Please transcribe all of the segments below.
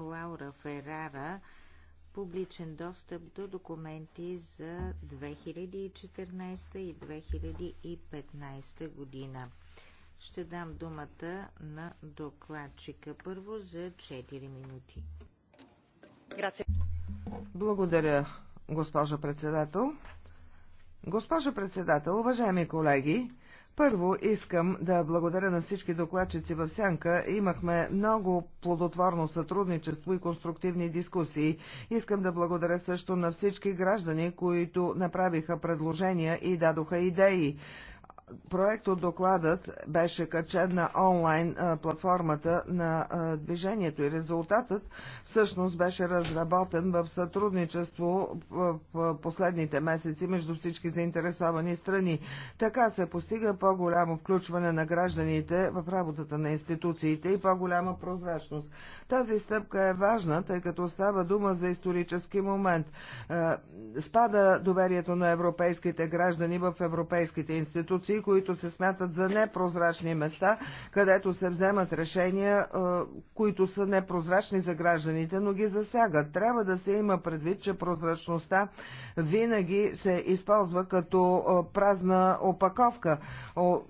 Лаура Ферара публичен достъп до документи за 2014 и 2015 година. Ще дам думата на докладчика първо за 4 минути. Благодаря, госпожо председател. Госпожо председател, уважаеми колеги, първо искам да благодаря на всички докладчици в Сянка. Имахме много плодотворно сътрудничество и конструктивни дискусии. Искам да благодаря също на всички граждани, които направиха предложения и дадоха идеи. Проектът докладът беше качен на онлайн платформата на движението и резултатът всъщност беше разработен в сътрудничество в последните месеци между всички заинтересовани страни. Така се постига по-голямо включване на гражданите в работата на институциите и по-голяма прозрачност. Тази стъпка е важна, тъй като става дума за исторически момент. Спада доверието на европейските граждани в европейските институции институции, които се смятат за непрозрачни места, където се вземат решения, е, които са непрозрачни за гражданите, но ги засягат. Трябва да се има предвид, че прозрачността винаги се използва като е, празна опаковка,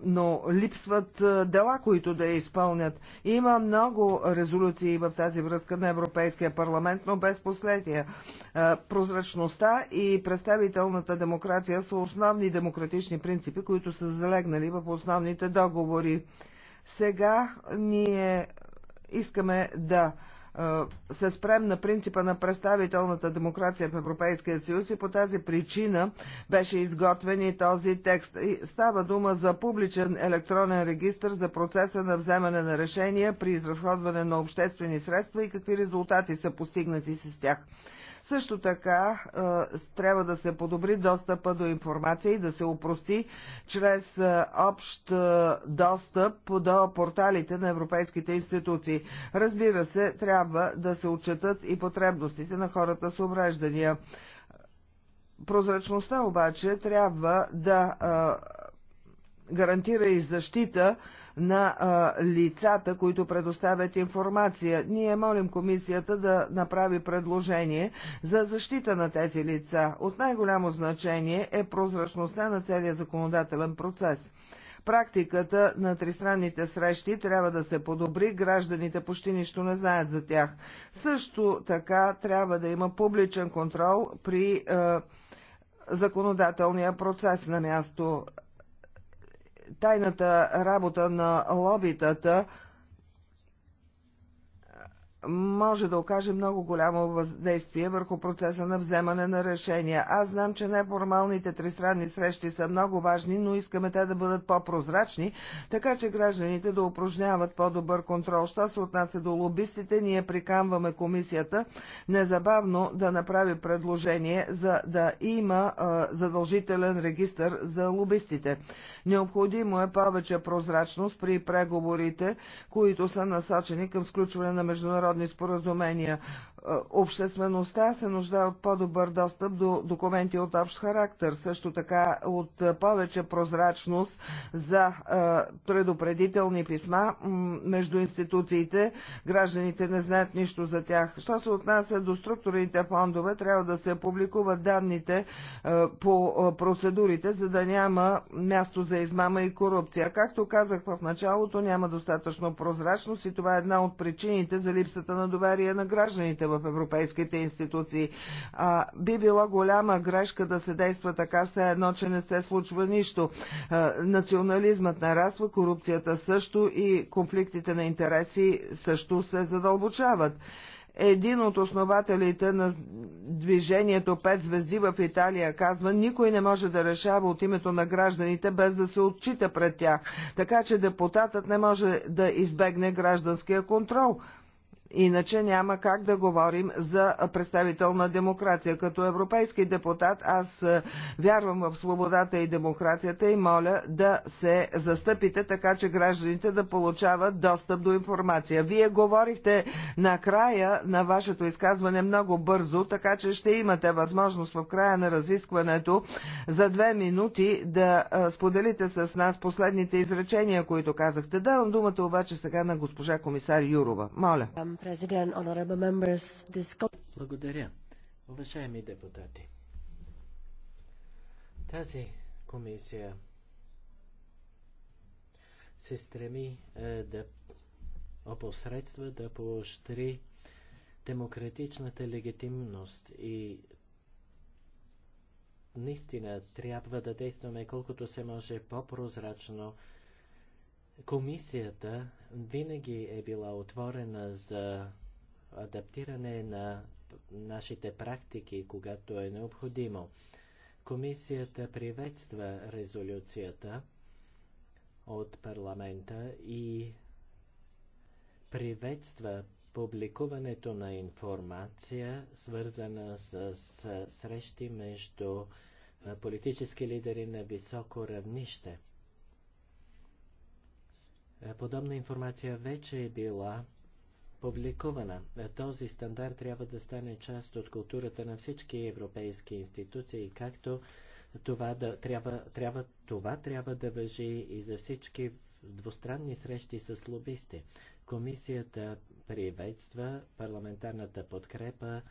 но липсват е, дела, които да я изпълнят. Има много резолюции в тази връзка на Европейския парламент, но без последия. Прозрачността и представителната демокрация са основни демократични принципи, които са залегнали в основните договори. Сега ние искаме да се спрем на принципа на представителната демокрация в Европейския съюз и по тази причина беше изготвен и този текст. И става дума за публичен електронен регистр за процеса на вземане на решения при изразходване на обществени средства и какви резултати са постигнати с тях. Също така трябва да се подобри достъпа до информация и да се упрости чрез общ достъп до порталите на европейските институции. Разбира се, трябва да се отчетат и потребностите на хората с увреждания. Прозрачността обаче трябва да гарантира и защита на а, лицата, които предоставят информация. Ние молим комисията да направи предложение за защита на тези лица. От най-голямо значение е прозрачността на целия законодателен процес. Практиката на тристранните срещи трябва да се подобри, гражданите почти нищо не знаят за тях. Също така трябва да има публичен контрол при е, законодателния процес на място тайната работа на лобитата може да окаже много голямо въздействие върху процеса на вземане на решения. Аз знам, че неформалните тристранни срещи са много важни, но искаме те да бъдат по-прозрачни, така че гражданите да упражняват по-добър контрол. Що се отнася до лобистите, ние приканваме комисията незабавно да направи предложение за да има а, задължителен регистр за лобистите. Необходимо е повече прозрачност при преговорите, които са насочени към сключване на международни международни споразумения. Е, обществеността се нуждае от по-добър достъп до документи от общ характер, също така от е, повече прозрачност за е, предупредителни писма между институциите. Гражданите не знаят нищо за тях. Що се отнася до структурните фондове, трябва да се публикуват данните по процедурите, за да няма място за измама и корупция. Както казах в началото, няма достатъчно прозрачност и това е една от причините за липсата на доверие на гражданите в европейските институции. А, би било голяма грешка да се действа така все едно, че не се случва нищо. А, национализмът нараства, корупцията също и конфликтите на интереси също се задълбочават един от основателите на движението Пет звезди в Италия казва, никой не може да решава от името на гражданите без да се отчита пред тях, така че депутатът не може да избегне гражданския контрол. Иначе няма как да говорим за представителна демокрация. Като европейски депутат аз е, вярвам в свободата и демокрацията и моля да се застъпите така, че гражданите да получават достъп до информация. Вие говорихте на края на вашето изказване много бързо, така че ще имате възможност в края на разискването за две минути да е, споделите с нас последните изречения, които казахте. Давам думата обаче сега на госпожа комисар Юрова. Моля. Благодаря. Уважаеми депутати, тази комисия се стреми е, да опосредства, да поощри демократичната легитимност и наистина трябва да действаме колкото се може по-прозрачно, Комисията винаги е била отворена за адаптиране на нашите практики, когато е необходимо. Комисията приветства резолюцията от парламента и приветства публикуването на информация, свързана с, срещи между политически лидери на високо равнище. Е, подобна информация вече е била публикувана. Е, този стандарт трябва да стане част от културата на всички европейски институции, както това да, трябва, трябва, това трябва да въжи и за всички двустранни срещи с лобисти. Комисията приветства парламентарната подкрепа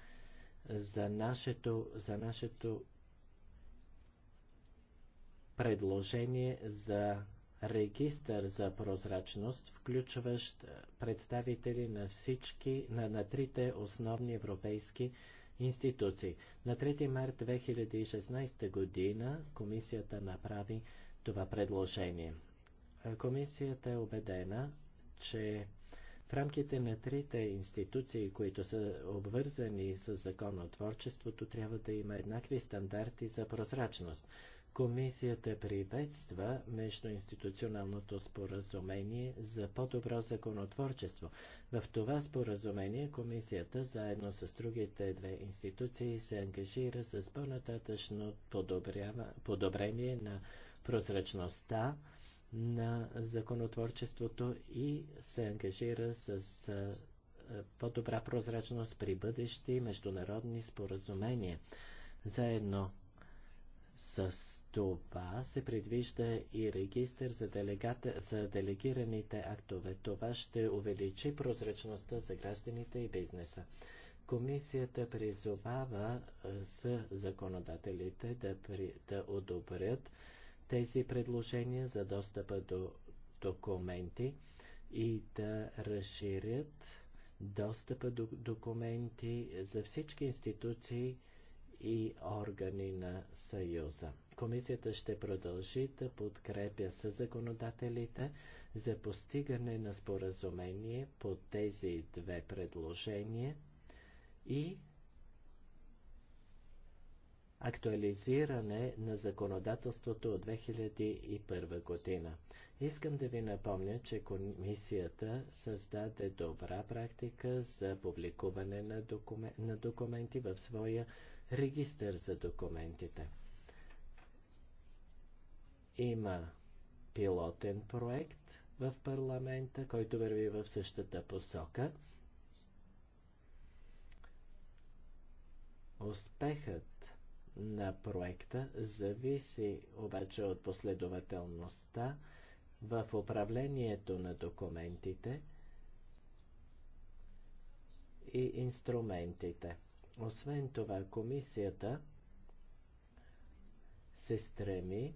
за нашето, за нашето предложение за регистър за прозрачност, включващ представители на всички на, на трите основни европейски институции. На 3 март 2016 година комисията направи това предложение. Комисията е убедена, че в рамките на трите институции, които са обвързани с законотворчеството, трябва да има еднакви стандарти за прозрачност. Комисията приветства междуинституционалното споразумение за по-добро законотворчество. В това споразумение комисията заедно с другите две институции се ангажира с по-нататъчно подобрение на прозрачността на законотворчеството и се ангажира с по-добра прозрачност при бъдещи международни споразумения. Заедно с това се предвижда и регистр за, делегата, за делегираните актове. Това ще увеличи прозрачността за гражданите и бизнеса. Комисията призовава с законодателите да, при, да одобрят тези предложения за достъпа до документи и да разширят достъпа до документи за всички институции и органи на Съюза. Комисията ще продължи да подкрепя със законодателите за постигане на споразумение по тези две предложения и актуализиране на законодателството от 2001 година. Искам да ви напомня, че комисията създаде добра практика за публикуване на, докумен... на документи в своя регистър за документите. Има пилотен проект в парламента, който върви в същата посока. Успехът на проекта зависи обаче от последователността в управлението на документите и инструментите. Освен това, комисията се стреми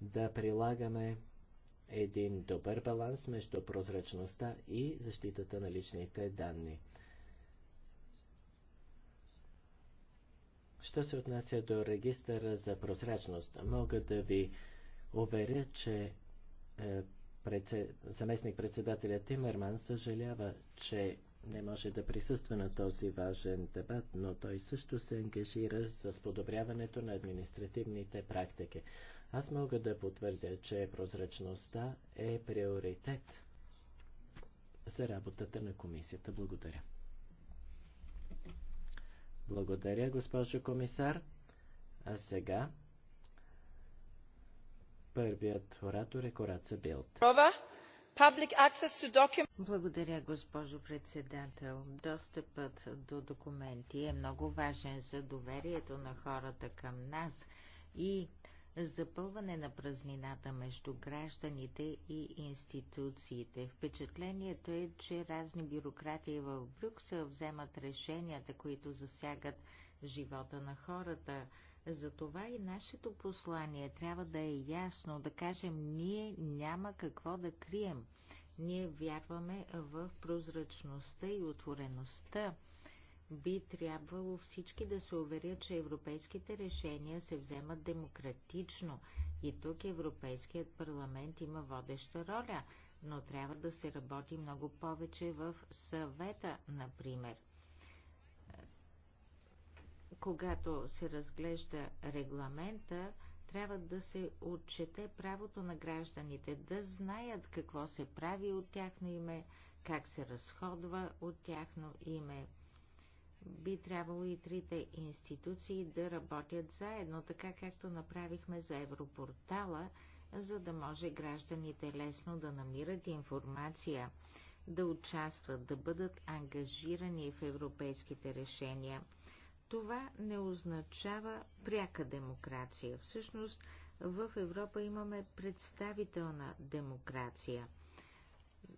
да прилагаме един добър баланс между прозрачността и защитата на личните данни. Що се отнася до регистъра за прозрачност, мога да ви уверя, че е, заместник-председателя Тимерман съжалява, че не може да присъства на този важен дебат, но той също се ангажира с подобряването на административните практики. Аз мога да потвърдя, че прозрачността е приоритет за работата на комисията. Благодаря. Благодаря, госпожо комисар. А сега първият оратор е Кораца Билт. Благодаря, госпожо председател. Достъпът до документи е много важен за доверието на хората към нас и запълване на празнината между гражданите и институциите. Впечатлението е, че разни бюрократии в Брюксел вземат решенията, които засягат живота на хората. Затова и нашето послание трябва да е ясно, да кажем, ние няма какво да крием. Ние вярваме в прозрачността и отвореността би трябвало всички да се уверят, че европейските решения се вземат демократично и тук Европейският парламент има водеща роля, но трябва да се работи много повече в съвета, например. Когато се разглежда регламента, трябва да се отчете правото на гражданите да знаят какво се прави от тяхно име, как се разходва от тяхно име би трябвало и трите институции да работят заедно, така както направихме за Европортала, за да може гражданите лесно да намират информация, да участват, да бъдат ангажирани в европейските решения. Това не означава пряка демокрация. Всъщност в Европа имаме представителна демокрация.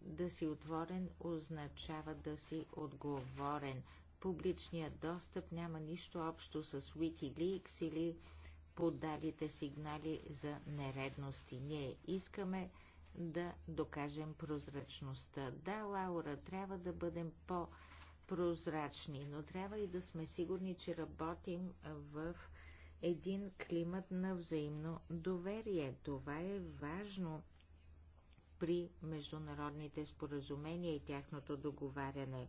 Да си отворен означава да си отговорен – Публичният достъп няма нищо общо с Wikileaks или подалите сигнали за нередности. Ние искаме да докажем прозрачността. Да, Лаура, трябва да бъдем по-прозрачни, но трябва и да сме сигурни, че работим в един климат на взаимно доверие. Това е важно при международните споразумения и тяхното договаряне.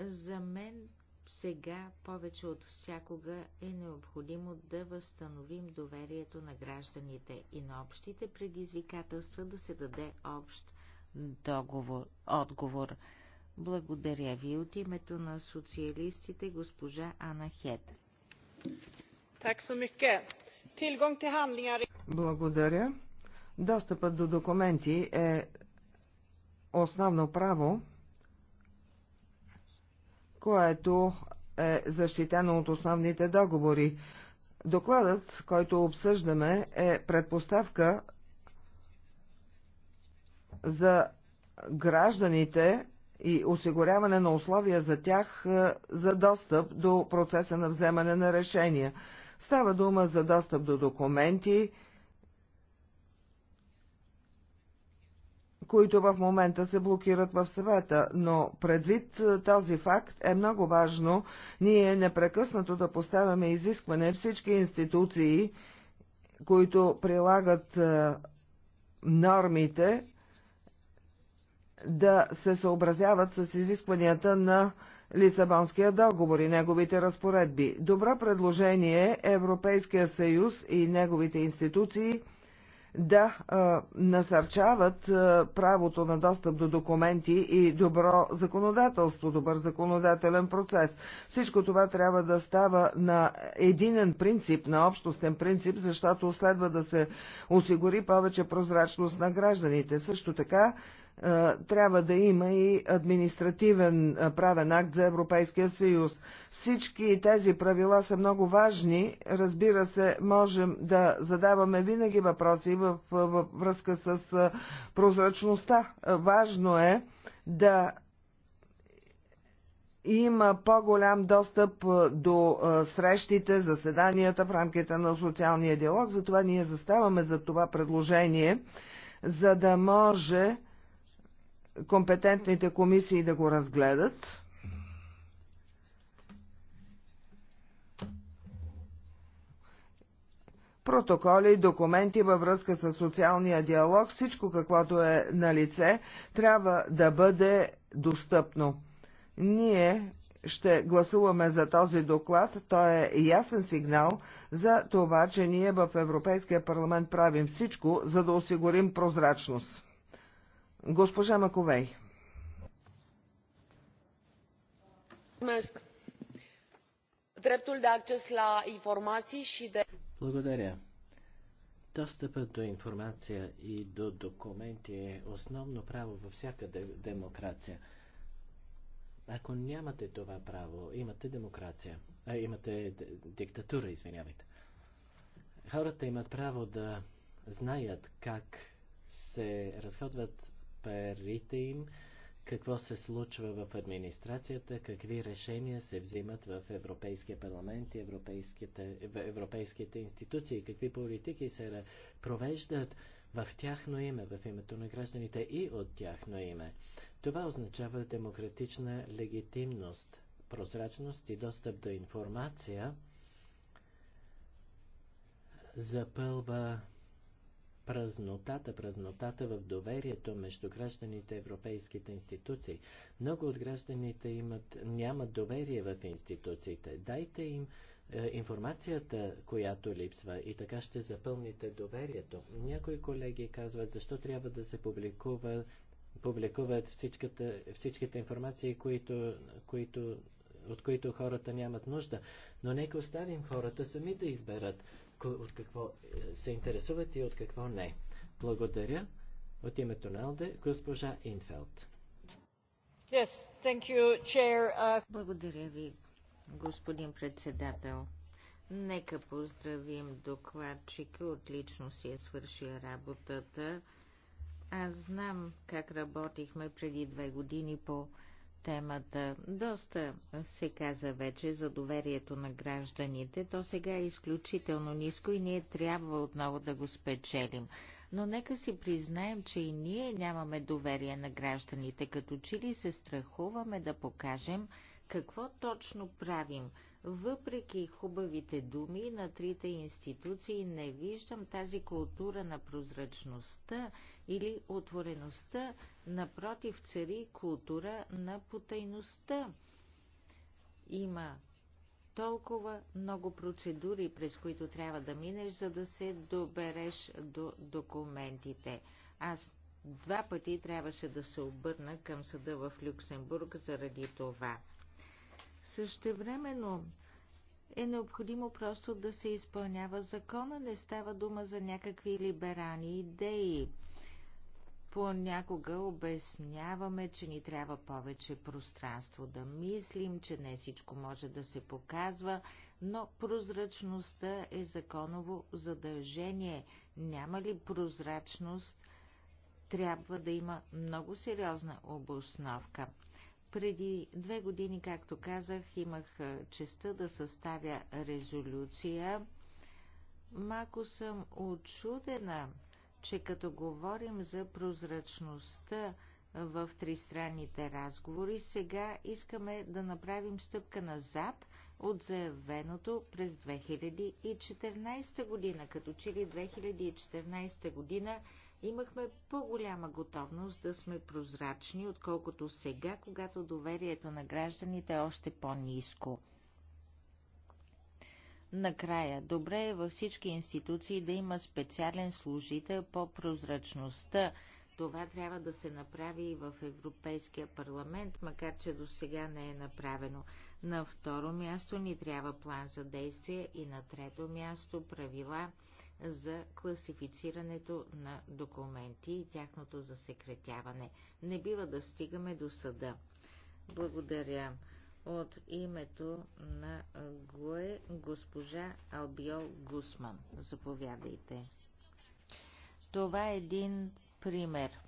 За мен сега повече от всякога е необходимо да възстановим доверието на гражданите и на общите предизвикателства да се даде общ договор, отговор. Благодаря ви от името на социалистите госпожа Ана Хет. Благодаря. Достъпът до документи е основно право което е защитено от основните договори. Докладът, който обсъждаме, е предпоставка за гражданите и осигуряване на условия за тях е, за достъп до процеса на вземане на решения. Става дума за достъп до документи, които в момента се блокират в съвета, но предвид е, този факт е много важно ние непрекъснато да поставяме изискване всички институции, които прилагат е, нормите, да се съобразяват с изискванията на Лисабонския договор и неговите разпоредби. Добро предложение е Европейския съюз и неговите институции – да а, насърчават а, правото на достъп до документи и добро законодателство, добър законодателен процес. Всичко това трябва да става на единен принцип, на общостен принцип, защото следва да се осигури повече прозрачност на гражданите. Също така е, трябва да има и административен е, правен акт за Европейския съюз. Всички тези правила са много важни. Разбира се, можем да задаваме винаги въпроси във връзка с е, прозрачността. Важно е да има по-голям достъп до срещите, заседанията в рамките на социалния диалог. Затова ние заставаме за това предложение, за да може компетентните комисии да го разгледат. Протоколи, документи във връзка с социалния диалог, всичко каквото е на лице, трябва да бъде достъпно. Ние ще гласуваме за този доклад, той е ясен сигнал за това, че ние в Европейския парламент правим всичко, за да осигурим прозрачност. Госпожа Маковей. Dreptul de acces la informații și de... Благодаря. Достъпът до информация и до документи е основно право във всяка демокрация. Ако нямате това право, имате демокрация. А, имате диктатура, извинявайте. Хората имат право да знаят как се разходват парите им, какво се случва в администрацията, какви решения се взимат в Европейския парламент и европейските, европейските институции, какви политики се провеждат в тяхно име, в името на гражданите и от тяхно име. Това означава демократична легитимност, прозрачност и достъп до информация, запълва празнотата, празнотата в доверието между гражданите и европейските институции. Много от гражданите имат, нямат доверие в институциите. Дайте им е, информацията, която липсва и така ще запълните доверието. Някои колеги казват, защо трябва да се публикува, публикуват всичката, всичките информации, които, които от които хората нямат нужда. Но нека оставим хората сами да изберат от какво е, се интересуват и от какво не. Благодаря от името на Алде, госпожа Инфелд. Yes, thank you, chair. Uh... Благодаря ви, господин председател. Нека поздравим докладчика, отлично си е свършил работата. Аз знам как работихме преди две години по темата. Доста се каза вече за доверието на гражданите. То сега е изключително ниско и ние трябва отново да го спечелим. Но нека си признаем, че и ние нямаме доверие на гражданите. Като че ли се страхуваме да покажем, какво точно правим? Въпреки хубавите думи на трите институции, не виждам тази култура на прозрачността или отвореността. Напротив, цари култура на потайността. Има толкова много процедури, през които трябва да минеш, за да се добереш до документите. Аз два пъти трябваше да се обърна към съда в Люксембург заради това. Същевременно е необходимо просто да се изпълнява закона, не става дума за някакви либерални идеи. Понякога обясняваме, че ни трябва повече пространство да мислим, че не всичко може да се показва, но прозрачността е законово задължение. Няма ли прозрачност, трябва да има много сериозна обосновка. Преди две години, както казах, имах честа да съставя резолюция. Малко съм очудена, че като говорим за прозрачността в тристранните разговори, сега искаме да направим стъпка назад от заявеното през 2014 година. Като че ли 2014 година имахме по-голяма готовност да сме прозрачни, отколкото сега, когато доверието на гражданите е още по-низко. Накрая, добре е във всички институции да има специален служител по прозрачността. Това трябва да се направи и в Европейския парламент, макар че до сега не е направено. На второ място ни трябва план за действие и на трето място правила – за класифицирането на документи и тяхното засекретяване. Не бива да стигаме до съда. Благодаря. От името на ГОЕ госпожа Албиол Гусман. Заповядайте. Това е един пример.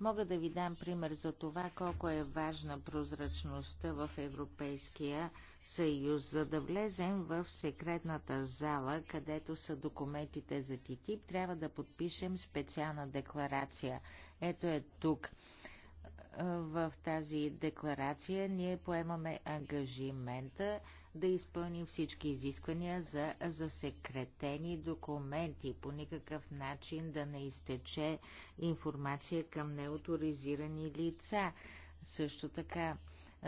Мога да ви дам пример за това колко е важна прозрачността в Европейския съюз, за да влезем в секретната зала, където са документите за ТИТИП, трябва да подпишем специална декларация. Ето е тук. В тази декларация ние поемаме ангажимента да изпълним всички изисквания за засекретени документи. По никакъв начин да не изтече информация към неоторизирани лица. Също така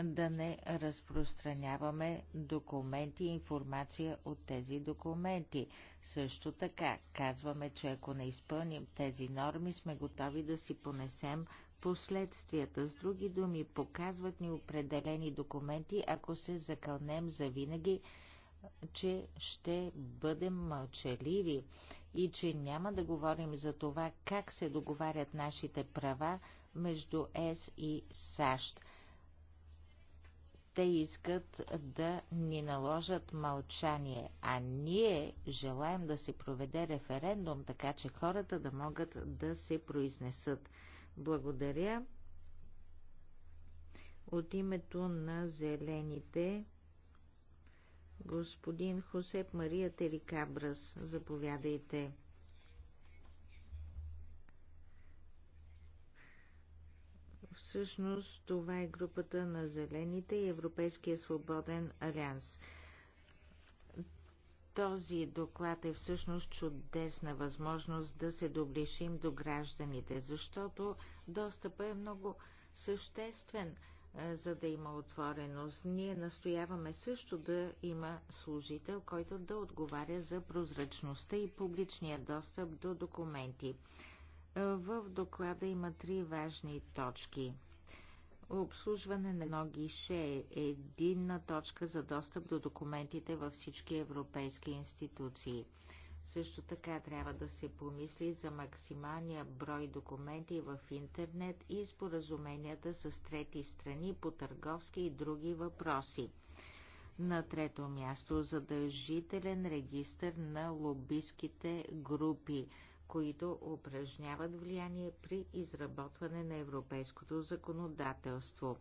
да не разпространяваме документи и информация от тези документи. Също така казваме, че ако не изпълним тези норми, сме готови да си понесем последствията. С други думи, показват ни определени документи, ако се закълнем завинаги, че ще бъдем мълчаливи и че няма да говорим за това как се договарят нашите права между ЕС и САЩ те искат да ни наложат мълчание, а ние желаем да се проведе референдум, така че хората да могат да се произнесат. Благодаря. От името на зелените, господин Хосеп Мария Терикабрас, заповядайте. Всъщност това е групата на Зелените и Европейския свободен алианс. Този доклад е всъщност чудесна възможност да се доближим до гражданите, защото достъпът е много съществен, е, за да има отвореност. Ние настояваме също да има служител, който да отговаря за прозрачността и публичния достъп до документи. В доклада има три важни точки. Обслужване на ноги гише е единна точка за достъп до документите във всички европейски институции. Също така трябва да се помисли за максималния брой документи в интернет и споразуменията с трети страни по търговски и други въпроси. На трето място задължителен регистр на лобистските групи които упражняват влияние при изработване на европейското законодателство.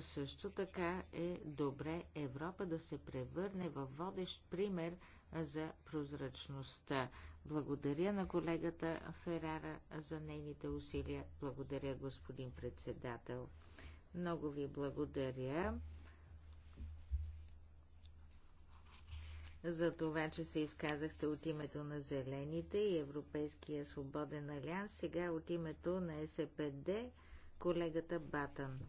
Също така е добре Европа да се превърне в водещ пример за прозрачността. Благодаря на колегата Ферара за нейните усилия. Благодаря, господин председател. Много ви благодаря. за това, че се изказахте от името на Зелените и Европейския свободен алианс, сега от името на СПД, колегата Батън.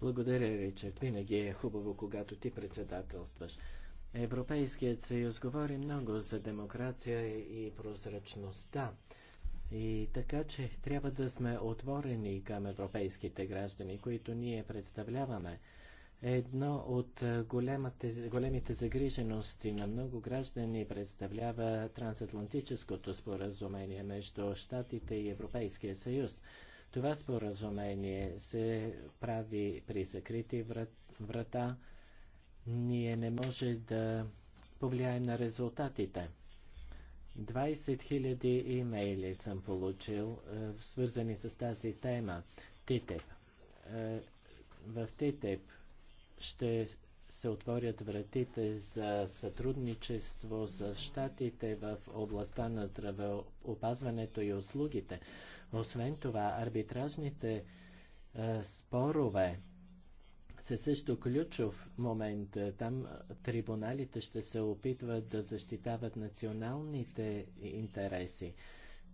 Благодаря, Ричард. Винаги е хубаво, когато ти председателстваш. Европейският съюз говори много за демокрация и прозрачността. И така, че трябва да сме отворени към европейските граждани, които ние представляваме. Едно от е, големите, големите загрижености на много граждани представлява трансатлантическото споразумение между Штатите и Европейския съюз. Това споразумение се прави при закрити врат, врата. Ние не може да повлияем на резултатите. 20 000 имейли съм получил, е, свързани с тази тема. ТИТЕП. Е, в ТИТЕП ще се отворят вратите за сътрудничество с щатите в областта на здравеопазването и услугите. Освен това, арбитражните е, спорове са също ключов момент. Там е, трибуналите ще се опитват да защитават националните интереси.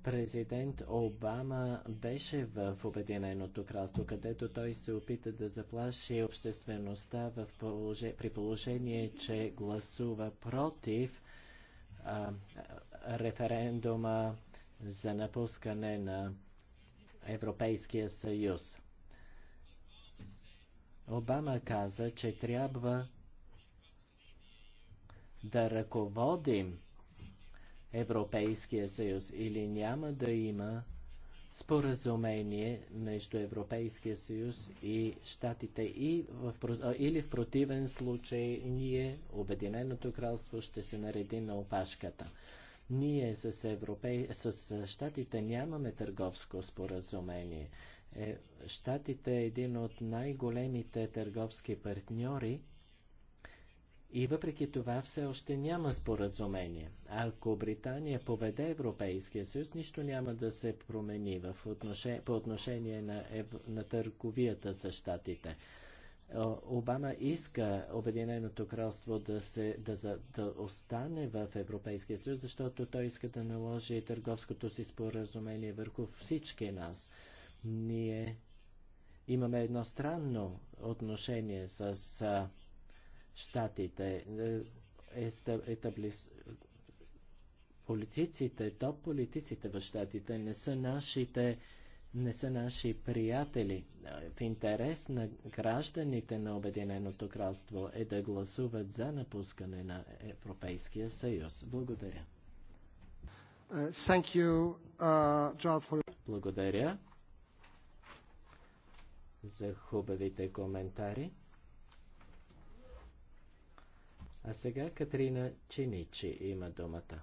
Президент Обама беше в Обединеното кралство, където той се опита да заплаши обществеността в положение, при положение, че гласува против а, референдума за напускане на Европейския съюз. Обама каза, че трябва да ръководим Европейския съюз или няма да има споразумение между Европейския съюз и щатите и в, или в противен случай ние, Обединеното кралство, ще се нареди на опашката. Ние с, Европей... с щатите нямаме търговско споразумение. Е, щатите е един от най-големите търговски партньори и въпреки това все още няма споразумение. Ако Британия поведе Европейския съюз, нищо няма да се промени в отношение, по отношение на, ев... на търговията с щатите. Обама иска Обединеното кралство да, се, да, за, да остане в Европейския съюз, защото той иска да наложи търговското си споразумение върху всички нас. Ние имаме едно странно отношение с щатите, е, етаблис... политиците, топ политиците в щатите не са нашите не са наши приятели. В интерес на гражданите на Обединеното кралство е да гласуват за напускане на Европейския съюз. Благодаря. Uh, thank you, uh, for... Благодаря за хубавите коментари. А сега Катрина Чиничи има думата.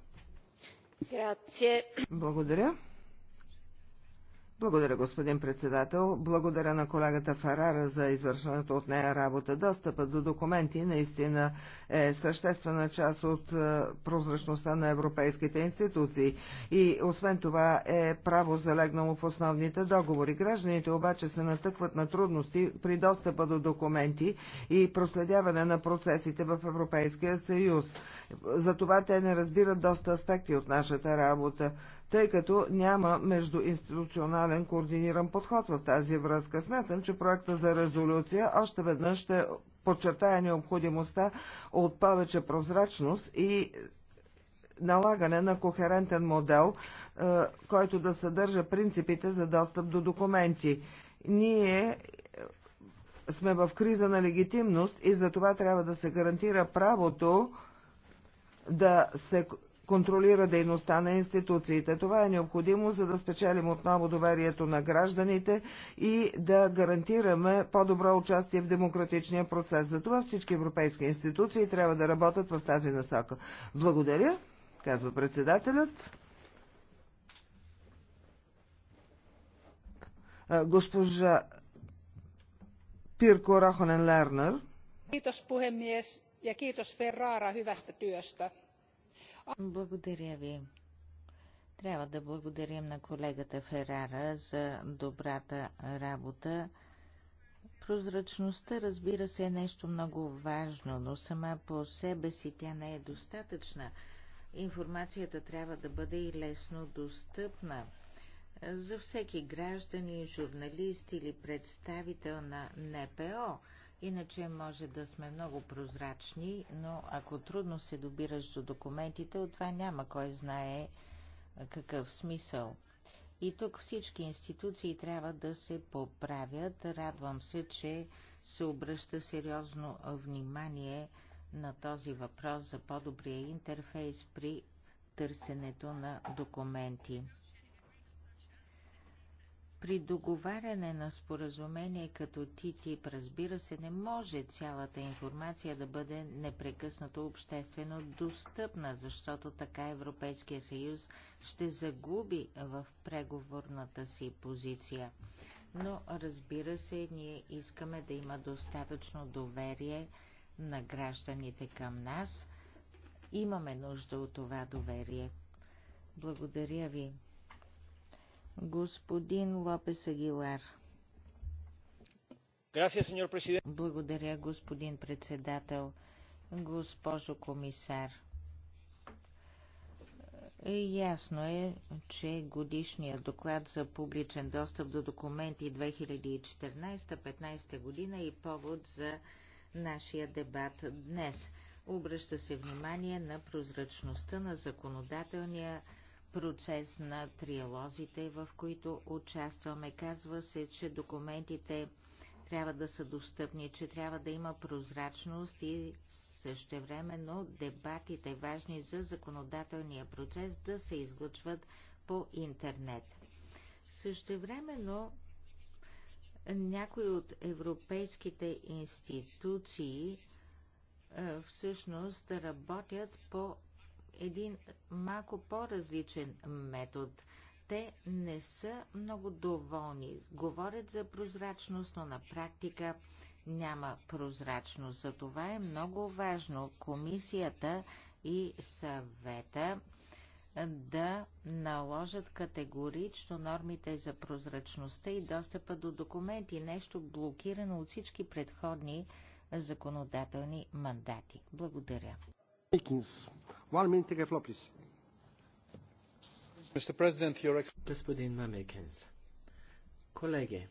Благодаря. Благодаря, господин председател. Благодаря на колегата Фарара за извършването от нея работа. Достъпът до документи наистина е съществена част от е, прозрачността на европейските институции. И освен това е право залегнало в основните договори. Гражданите обаче се натъкват на трудности при достъпа до документи и проследяване на процесите в Европейския съюз. Затова те не разбират доста аспекти от нашата работа тъй като няма междуинституционален координиран подход в тази връзка. Смятам, че проекта за резолюция още веднъж ще подчертая необходимостта от повече прозрачност и налагане на кохерентен модел, е, който да съдържа принципите за достъп до документи. Ние сме в криза на легитимност и за това трябва да се гарантира правото да се контролира дейността на институциите. Това е необходимо, за да спечелим отново доверието на гражданите и да гарантираме по-добро участие в демократичния процес. Затова всички европейски институции трябва да работят в тази насока. Благодаря, казва председателят. Госпожа Пирко Рахонен Лернер. Kiitos puhemies ja kiitos Ferrara hyvästä työstä благодаря ви. Трябва да благодарим на колегата Ферара за добрата работа. Прозрачността, разбира се, е нещо много важно, но сама по себе си тя не е достатъчна. Информацията трябва да бъде и лесно достъпна за всеки граждани, журналист или представител на НПО – Иначе може да сме много прозрачни, но ако трудно се добираш до документите, от това няма кой знае какъв смисъл. И тук всички институции трябва да се поправят. Радвам се, че се обръща сериозно внимание на този въпрос за по-добрия интерфейс при търсенето на документи. При договаряне на споразумение като ТТИП, разбира се, не може цялата информация да бъде непрекъснато обществено достъпна, защото така Европейския съюз ще загуби в преговорната си позиция. Но, разбира се, ние искаме да има достатъчно доверие на гражданите към нас. Имаме нужда от това доверие. Благодаря ви господин Лопес Агилар. Благодаря, господин председател. Госпожо комисар, е ясно е, че годишният доклад за публичен достъп до документи 2014-15 година и е повод за нашия дебат днес. Обръща се внимание на прозрачността на законодателния процес на триалозите, в които участваме. Казва се, че документите трябва да са достъпни, че трябва да има прозрачност и същевременно дебатите, важни за законодателния процес, да се излъчват по интернет. Същевременно някои от европейските институции всъщност работят по един малко по-различен метод. Те не са много доволни. Говорят за прозрачност, но на практика няма прозрачност. Затова е много важно комисията и съвета да наложат категорично нормите за прозрачността и достъпа до документи, нещо блокирано от всички предходни законодателни мандати. Благодаря. Господин Мамекенс, колеги,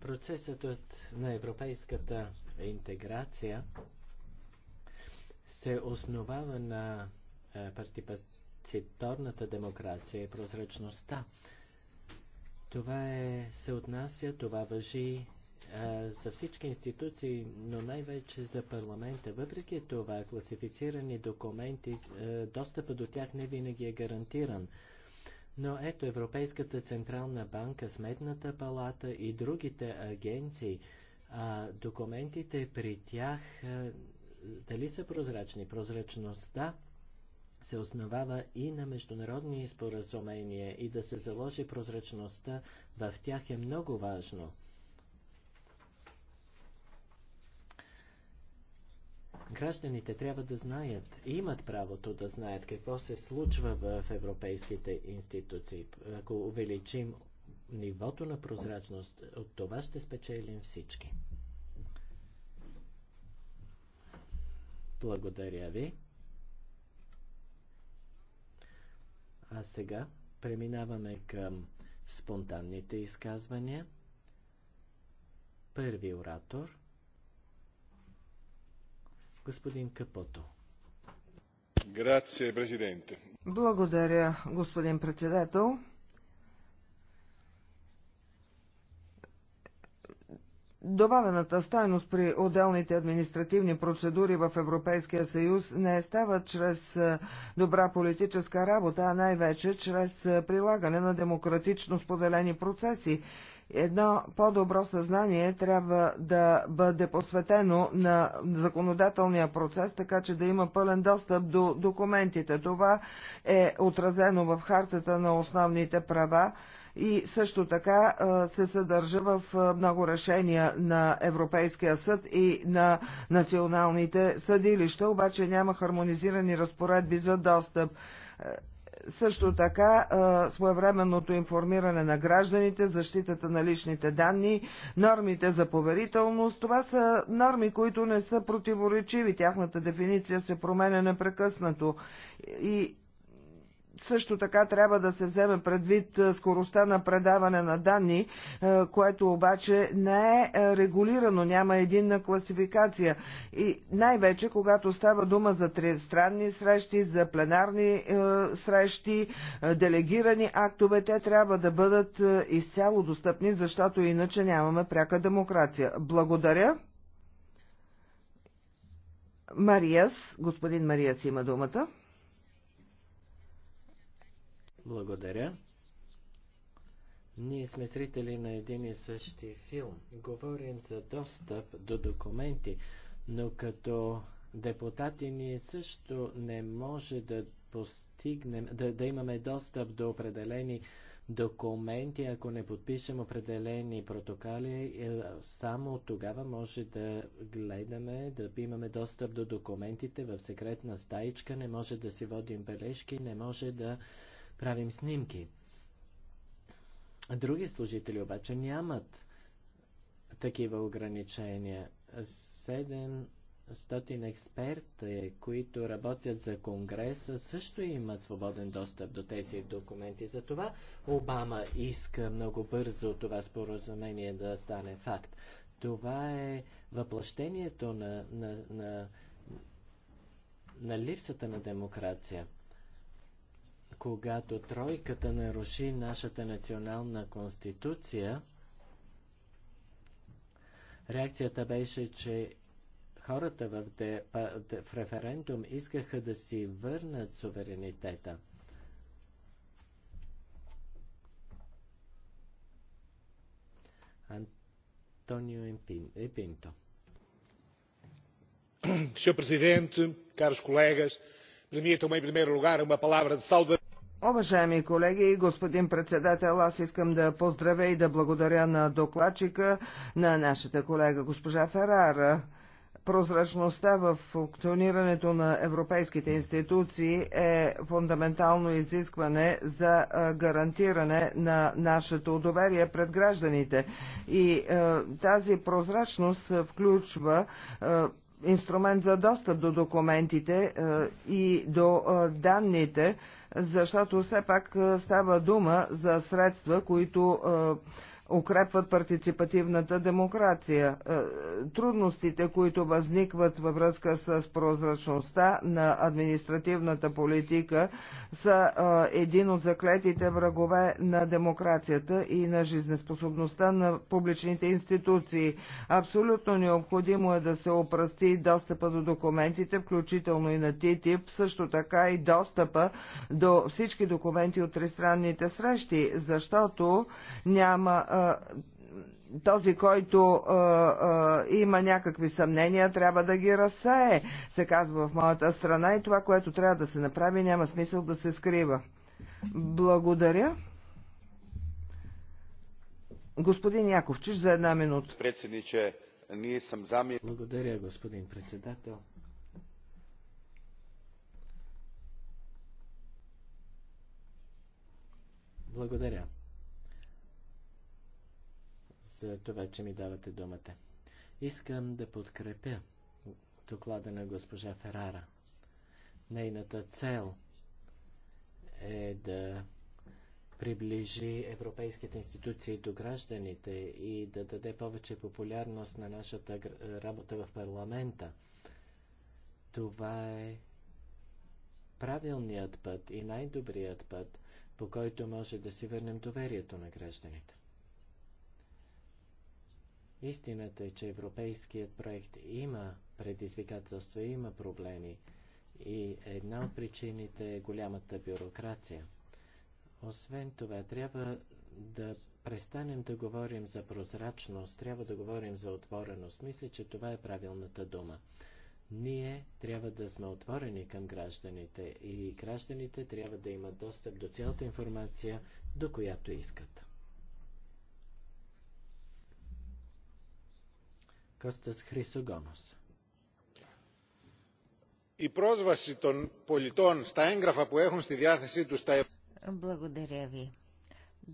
процесът на европейската интеграция се основава на е, партипаторната демокрация и прозрачността. Това е, се отнася, това въжи за всички институции, но най-вече за парламента. Въпреки това, класифицирани документи, достъпа до тях не винаги е гарантиран. Но ето Европейската Централна банка, Сметната палата и другите агенции, а документите при тях дали са прозрачни? Прозрачността се основава и на международни споразумения и да се заложи прозрачността в тях е много важно. Гражданите трябва да знаят, имат правото да знаят какво се случва в европейските институции. Ако увеличим нивото на прозрачност, от това ще спечелим всички. Благодаря ви. А сега преминаваме към спонтанните изказвания. Първи оратор – Господин Капото. Благодаря, господин председател. Добавената стойност при отделните административни процедури в Европейския съюз не става чрез е, добра политическа работа, а най-вече чрез е, прилагане на демократично споделени процеси. Едно по-добро съзнание трябва да бъде посветено на законодателния процес, така че да има пълен достъп до документите. Това е отразено в хартата на основните права и също така се съдържа в много решения на Европейския съд и на националните съдилища, обаче няма хармонизирани разпоредби за достъп също така своевременното информиране на гражданите, защитата на личните данни, нормите за поверителност. Това са норми, които не са противоречиви. Тяхната дефиниция се променя непрекъснато. И също така трябва да се вземе предвид е, скоростта на предаване на данни, е, което обаче не е, е регулирано, няма единна класификация. И най-вече, когато става дума за тристранни срещи, за пленарни срещи, делегирани актове, те трябва да бъдат изцяло достъпни, защото иначе нямаме пряка демокрация. Благодаря. Мариас, господин Мариас има думата. Благодаря. Ние сме зрители на един и същи филм. Говорим за достъп до документи, но като депутати ние също не може да постигнем, да, да имаме достъп до определени документи, ако не подпишем определени протоколи, е, само тогава може да гледаме, да имаме достъп до документите в секретна стаичка, не може да си водим бележки, не може да правим снимки. Други служители обаче нямат такива ограничения. 700 експерти, които работят за Конгреса, също имат свободен достъп до тези документи. Затова Обама иска много бързо това споразумение да стане факт. Това е въплъщението на, на, на, на липсата на демокрация когато тройката наруши нашата национална конституция, реакцията беше, че хората в, де, в референдум искаха да си върнат суверенитета. Antonio Pinto. Senhor Presidente, caros colegas, para mim é também, em primeiro lugar uma palavra de saudação. Уважаеми колеги, господин председател, аз искам да поздравя и да благодаря на докладчика, на нашата колега госпожа Ферара. Прозрачността в функционирането на европейските институции е фундаментално изискване за гарантиране на нашето доверие пред гражданите. И е, тази прозрачност включва е, инструмент за достъп до документите е, и до данните, защото все пак става дума за средства, които укрепват партиципативната демокрация. Е, трудностите, които възникват във връзка с прозрачността на административната политика, са е, един от заклетите врагове на демокрацията и на жизнеспособността на публичните институции. Абсолютно необходимо е да се опрасти достъпа до документите, включително и на ТИТИП, също така и достъпа до всички документи от тристранните срещи, защото няма този, който а, а, има някакви съмнения, трябва да ги разсее, се казва в моята страна и това, което трябва да се направи, няма смисъл да се скрива. Благодаря. Господин Яковчиш, за една минута. Председниче, ние съм замир. Благодаря, господин председател. Благодаря за това, че ми давате думата. Искам да подкрепя доклада на госпожа Ферара. Нейната цел е да приближи европейските институции до гражданите и да даде повече популярност на нашата работа в парламента. Това е правилният път и най-добрият път, по който може да си върнем доверието на гражданите. Истината е, че европейският проект има предизвикателства, има проблеми и една от причините е голямата бюрокрация. Освен това, трябва да престанем да говорим за прозрачност, трябва да говорим за отвореност. Мисля, че това е правилната дума. Ние трябва да сме отворени към гражданите и гражданите трябва да имат достъп до цялата информация, до която искат. Κώστας Χρυσογόνος. Η πρόσβαση των πολιτών στα έγγραφα που έχουν στη διάθεσή τους τα... Благодаря ви.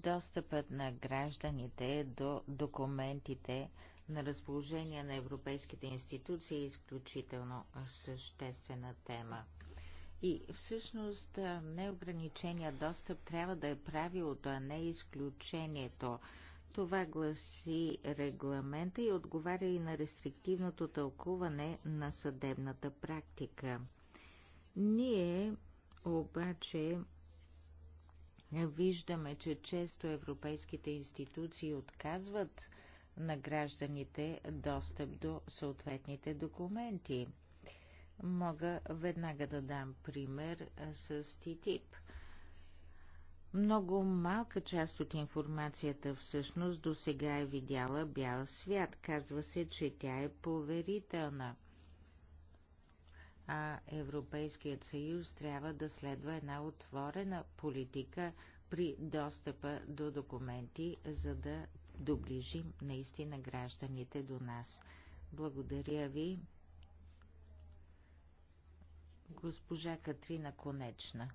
Достъпът на гражданите до документите на разположение на европейските институции е изключително съществена тема. И всъщност неограничения достъп трябва да е правилото, а не изключението. Това гласи регламента и отговаря и на рестриктивното тълкуване на съдебната практика. Ние обаче виждаме, че често европейските институции отказват на гражданите достъп до съответните документи. Мога веднага да дам пример с ТИТИП. Много малка част от информацията всъщност до сега е видяла бял свят. Казва се, че тя е поверителна. А Европейският съюз трябва да следва една отворена политика при достъпа до документи, за да доближим наистина гражданите до нас. Благодаря ви. Госпожа Катрина Конечна.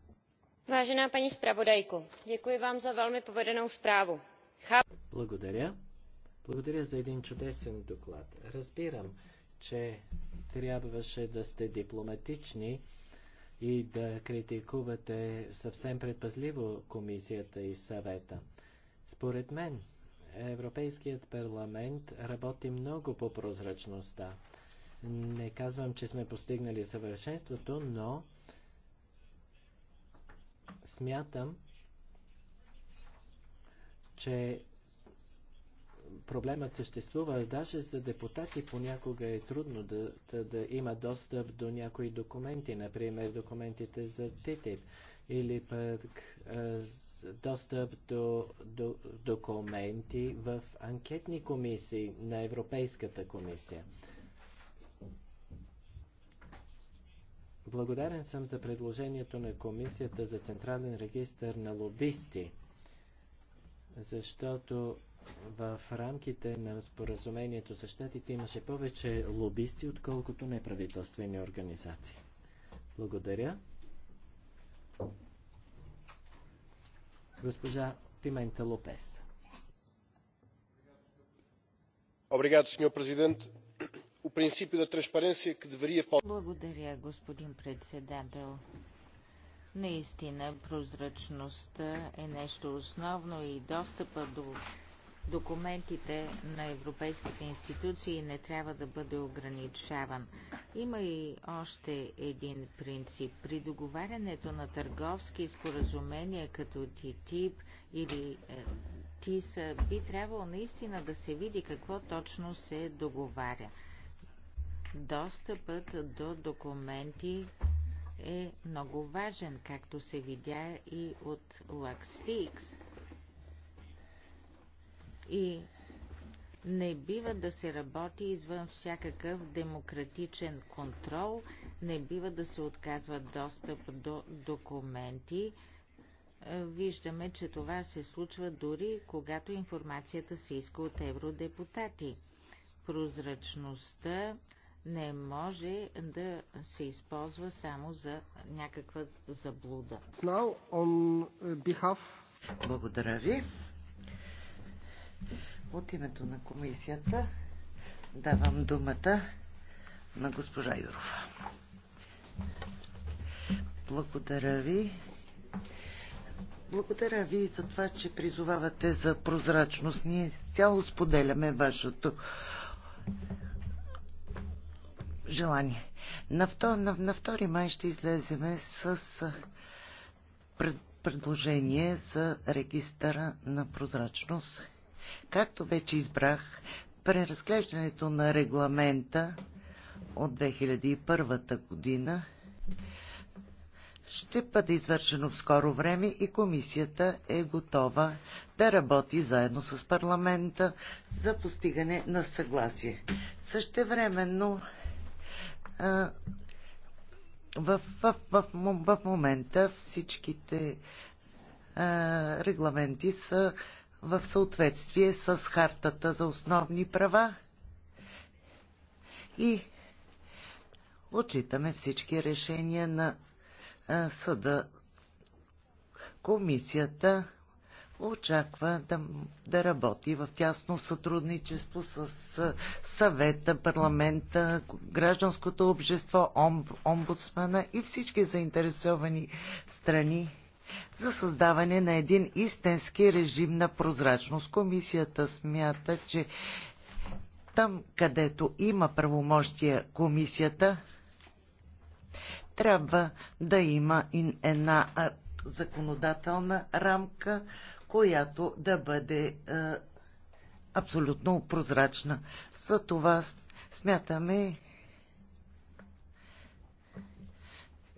Vážená paní zpravodajko, děkuji vám za velmi povedenou zprávu. Благодаря. Благодаря за един чудесен доклад. Разбирам, че трябваше да сте дипломатични и да критикувате съвсем предпазливо комисията и съвета. Според мен, Европейският парламент работи много по прозрачността. Не казвам, че сме постигнали съвършенството, но Смятам, че проблемът съществува. Даже за депутати понякога е трудно да, да, да има достъп до някои документи, например документите за ТТИП или пък е, достъп до, до документи в анкетни комисии на Европейската комисия. Благодарен съм за предложението на Комисията за Централен регистр на лобисти, защото в рамките на споразумението за щатите имаше повече лобисти, отколкото неправителствени организации. Благодаря. Госпожа Пимента Лопес. Обригато, сеньор президент o princípio da transparência que deveria. Благодаря, господин председател. Наистина, прозрачността е нещо основно и достъпа до документите на европейските институции не трябва да бъде ограничаван. Има и още един принцип. При договарянето на търговски споразумения като ТИТИП или е, ТИСА би трябвало наистина да се види какво точно се договаря. Достъпът до документи е много важен, както се видя и от LuxLeaks. И не бива да се работи извън всякакъв демократичен контрол, не бива да се отказва достъп до документи. Виждаме, че това се случва дори когато информацията се иска от евродепутати. Прозрачността не може да се използва само за някаква заблуда. Now on behalf... Благодаря ви. От името на комисията давам думата на госпожа Юрова. Благодаря ви. Благодаря ви за това, че призовавате за прозрачност. Ние цяло споделяме вашето желание. На, втор, на, на 2 май ще излеземе с пред, предложение за регистъра на прозрачност. Както вече избрах, преразглеждането на регламента от 2001 година ще бъде извършено в скоро време и комисията е готова да работи заедно с парламента за постигане на съгласие. Същевременно в, в, в, в момента всичките а, регламенти са в съответствие с хартата за основни права и отчитаме всички решения на а, съда. Комисията очаква да, да работи в тясно сътрудничество с съвета, парламента, гражданското общество, омб, омбудсмана и всички заинтересовани страни за създаване на един истински режим на прозрачност. Комисията смята, че там, където има правомощия комисията, трябва да има една законодателна рамка която да бъде е, абсолютно прозрачна. За това смятаме,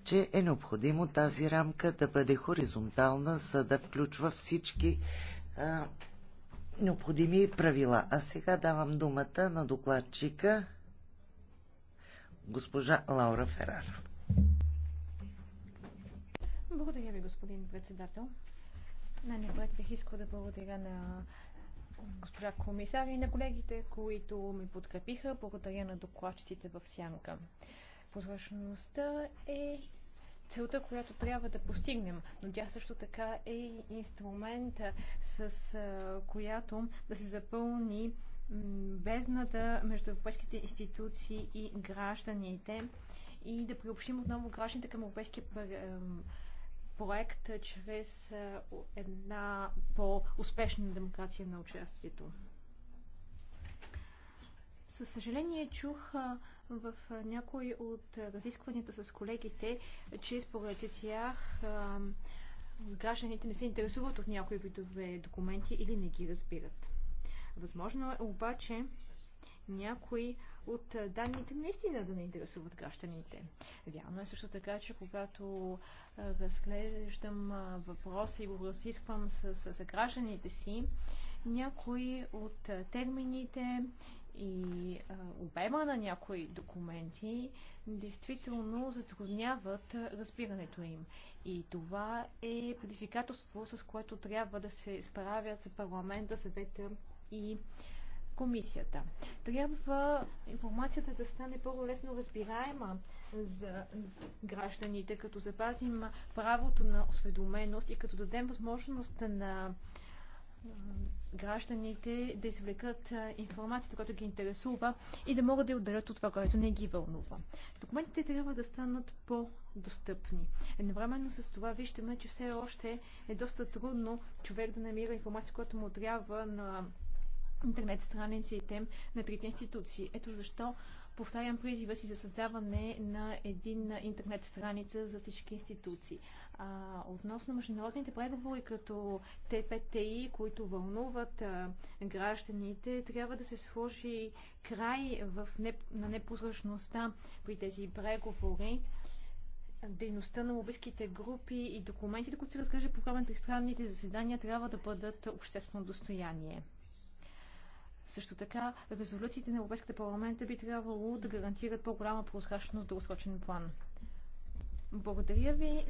че е необходимо тази рамка да бъде хоризонтална, за да включва всички е, необходими правила. А сега давам думата на докладчика госпожа Лаура Ферар. Благодаря ви, господин председател. Най-напред бих искал да благодаря на госпожа комисаря и на колегите, които ми подкрепиха. Благодаря на докладчиците в Сянка. Прозрачността е целта, която трябва да постигнем, но тя също така е инструмента, с която да се запълни бездната между европейските институции и гражданите и да приобщим отново гражданите към европейския проект чрез една по-успешна демокрация на участието. Със съжаление чух в някои от разискванията с колегите, че според тях гражданите не се интересуват от някои видове документи или не ги разбират. Възможно е обаче някои от данните наистина да не интересуват гражданите. Вярно е също така, че когато разглеждам въпроса и го разисквам с, с, с гражданите си, някои от термините и а, обема на някои документи действително затрудняват разбирането им. И това е предизвикателство, с което трябва да се справят парламента, съвета и а, комисията. Трябва информацията да стане по-лесно разбираема за гражданите, като запазим правото на осведоменост и като дадем възможност на гражданите да извлекат информацията, която ги интересува и да могат да я отделят от това, което не ги вълнува. Документите трябва да станат по-достъпни. Едновременно с това виждаме, че все още е доста трудно човек да намира информация, която му трябва на интернет страниците на трите институции. Ето защо повтарям призива си за създаване на един интернет страница за всички институции. А, относно международните преговори, като ТПТИ, които вълнуват а, гражданите, трябва да се сложи край в не, на непозрачността при тези преговори дейността на лобистските групи и документите, които се разглеждат по време на тристранните заседания, трябва да бъдат обществено достояние. Също така, резолюциите на Европейската парламента би трябвало да гарантират по-голяма прозрачност в дългосрочен план. Благодаря ви.